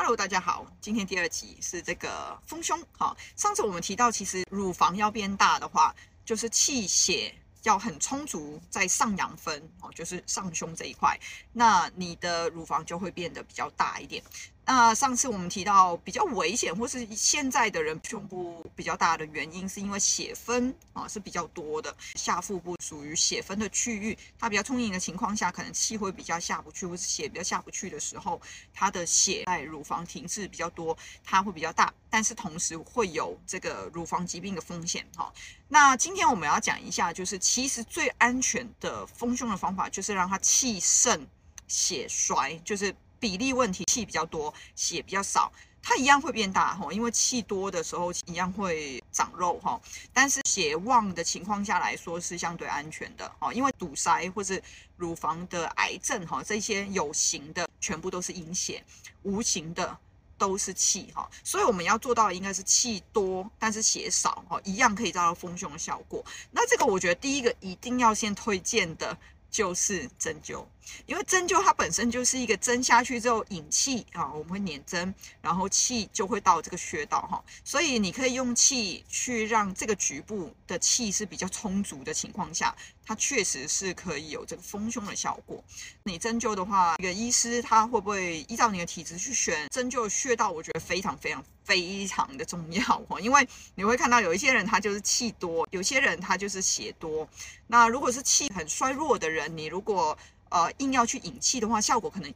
Hello，大家好，今天第二集是這個豐胸哈。上次我們提到，其實乳房要變大的話，就是氣血要很充足，在上陽分哦，就是上胸這一塊，那你的乳房就會變得比較大一點。那、呃、上次我們提到比較危險或是現在的人胸部比較大的原因，是因為血分啊、哦、是比較多的，下腹部屬於血分的區域，它比較充盈的情況下，可能氣會比較下不去，或是血比較下不去的時候，它的血在乳房停滯比較多，它會比較大，但是同時會有這個乳房疾病的風險哈、哦。那今天我們要講一下，就是其實最安全的豐胸的方法，就是讓它氣盛血衰，就是。比例問題，氣比較多，血比較少，它一樣會變大，因為氣多的時候一樣會長肉。但是血旺的情況下來說是相對安全的，因為堵塞或是乳房的癌症哈，這些有形的全部都是陰血，無形的都是氣哈。所以我們要做到的應該是氣多，但是血少哈，一樣可以達到豐胸的效果。那這個我覺得第一個一定要先推薦的就是針灸。因為針灸它本身就是一個針下去之後引氣啊，我們會捻針，然後氣就會到這個穴道哈、哦，所以你可以用氣去讓這個局部的氣是比較充足的情況下，它確實是可以有這個豐胸的效果。你針灸的話，一個醫師他會不會依照你的體質去選針灸穴道？我覺得非常非常非常的重要，哦，因為你會看到有一些人他就是氣多，有些人他就是血多，那如果是氣很衰弱的人，你如果呃，硬要去引氣的話，效果可能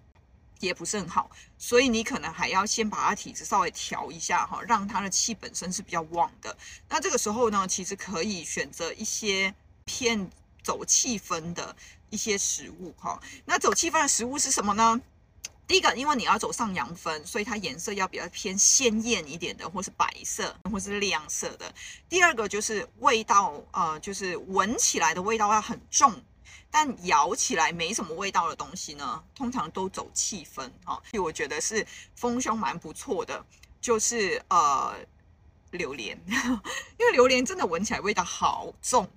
也不是很好，所以你可能還要先把他體質稍微調一下哈、哦，讓他的氣本身是比較旺的。那這個時候呢，其實可以選擇一些偏走氣分的一些食物哈、哦。那走氣分的食物是什麼呢？第一個，因為你要走上陽分，所以它顏色要比較偏鮮艷一點的，或是白色或是亮色的。第二個就是味道，呃，就是聞起來的味道要很重。但咬起來沒什麼味道的東西呢，通常都走氣氛啊。所以我覺得是豐胸蠻不錯的，就是呃榴蓮因為榴蓮真的聞起來味道好重，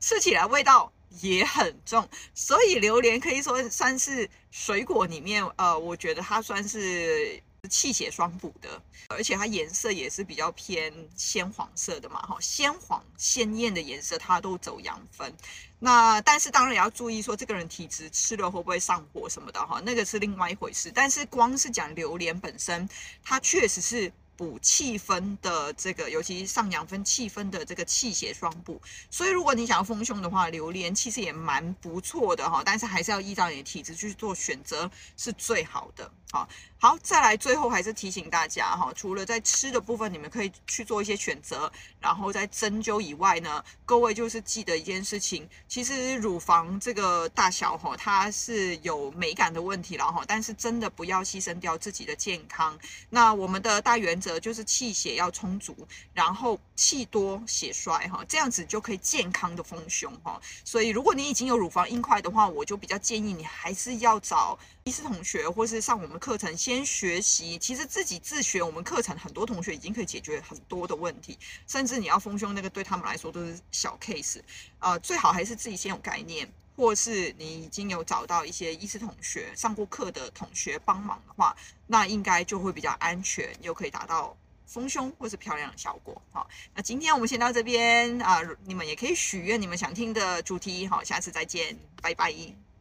吃起來味道也很重，所以榴蓮可以說算是水果裡面呃，我覺得它算是。氣血雙補的，而且它顏色也是比較偏鮮黃色的嘛，哈，鮮黃鮮豔的顏色它都走陽分。那但是當然也要注意說，這個人體質吃了會不會上火什麼的，哈，那個是另外一回事。但是光是講榴蓮本身，它確實是。補氣分的這個，尤其上揚分氣分的這個氣血雙補，所以如果你想要豐胸的話，榴蓮其實也蠻不錯的哈，但是還是要依照你的體質去做選擇是最好的。好，好，再來最後還是提醒大家哈，除了在吃的部分你們可以去做一些選擇，然後在針灸以外呢，各位就是記得一件事情，其實乳房這個大小哈，它是有美感的問題了哈，但是真的不要犧牲掉自己的健康。那我們的大原則。就是氣血要充足，然後氣多血衰哈，這樣子就可以健康的豐胸哈。所以如果你已經有乳房硬塊的話，我就比較建議你還是要找醫師同學，或是上我們課程先學習。其實自己自學我們課程，很多同學已經可以解決很多的問題，甚至你要豐胸那個對他們來說都是小 case。啊、呃，最好還是自己先有概念。或是你已經有找到一些醫師同學上過課的同學幫忙的話，那應該就會比較安全，又可以達到豐胸或是漂亮的效果。好，那今天我們先到這邊啊，你們也可以許願你們想聽的主題。好，下次再見，拜拜。